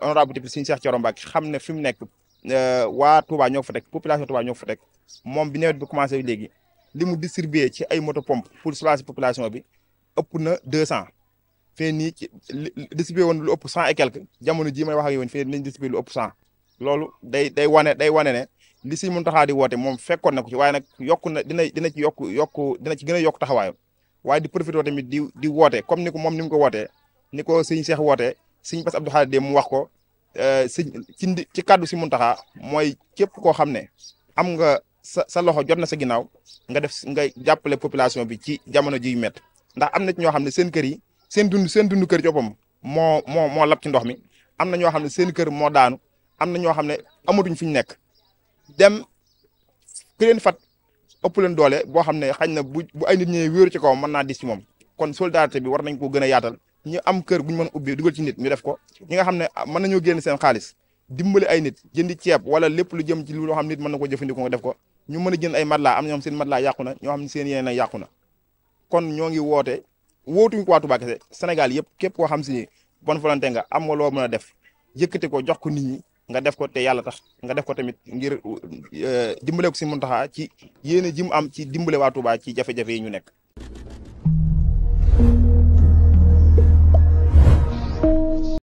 honorable député Serigne Cheikh Thioro ba xam ne fi mu nekk euh, waa Touba ñoo fa teg population Touba ñoo fa teg moom bi nawet bi commencé léegi li mu distribué ci ay moto pompe pour soulager population bi ëpp na deux cent fee nii ci distribué woon lu ëpp cent et quelque jamono jii may wax fi yow fii nañ distribué lu ëpp cent loolu day day wane day wane ne li si mun taxaa di woote moom fekkoon na ko ci waaye nag yokku na dina dina ci yokku yokku dina gën yokk taxawaayam waaye di profité tamit di di woote comme ni ko moom ni mu ko wootee ni ko sëñ Cheikh wootee sëñ Bass Abdou Khadre mu wax ko sëñ euh, siñ ci kàddu si Muntaxa mooy képp koo xam ne am nga sa sa loxo jot na sa ginnaaw nga def nga jàppale population bi ci jamono ji métti ndax am na ñoo xam ne seen kër yi seen dund seen kër coppam moo moo moo lab ci ndox mi am na ñoo xam ne seen kër moo daanu am na ñoo xam ne amatuñ fi ñu nekk dem ku fat ëpp leen doole boo xam ne xañ na bu bu ay nit ñëwee wéeru ci ko mën naa dis ci moom kon solidarité bi war nañ ko gën a yaatal ñu am kër bu ñu mën ubbi dugal ci nit ñu def ko ñi xam ne ah, mën nañoo génn seen xaalis dimbali ay nit jëndi ceeb wala lépp lu jëm ci loo xam nit mën na ko jëfandikoo nga def ko ñu mën a jënd ay matelas am ñoom seen matelas yàqu na ñoo xam ne a na kon ñoo ngi woote wootuñ ko waa Touba kese Sénégal yëpp képp koo xam si ni bon volonté nga am nga loo mën a def yëkkati ko jox ko nit ñi nga def ko te yàlla tax nga def ko tamit ngir euh, dimbale ko si Muntaxa ci yéene ji mu am ci dimbale waa Touba ci jafe-jafe yi ñu nekk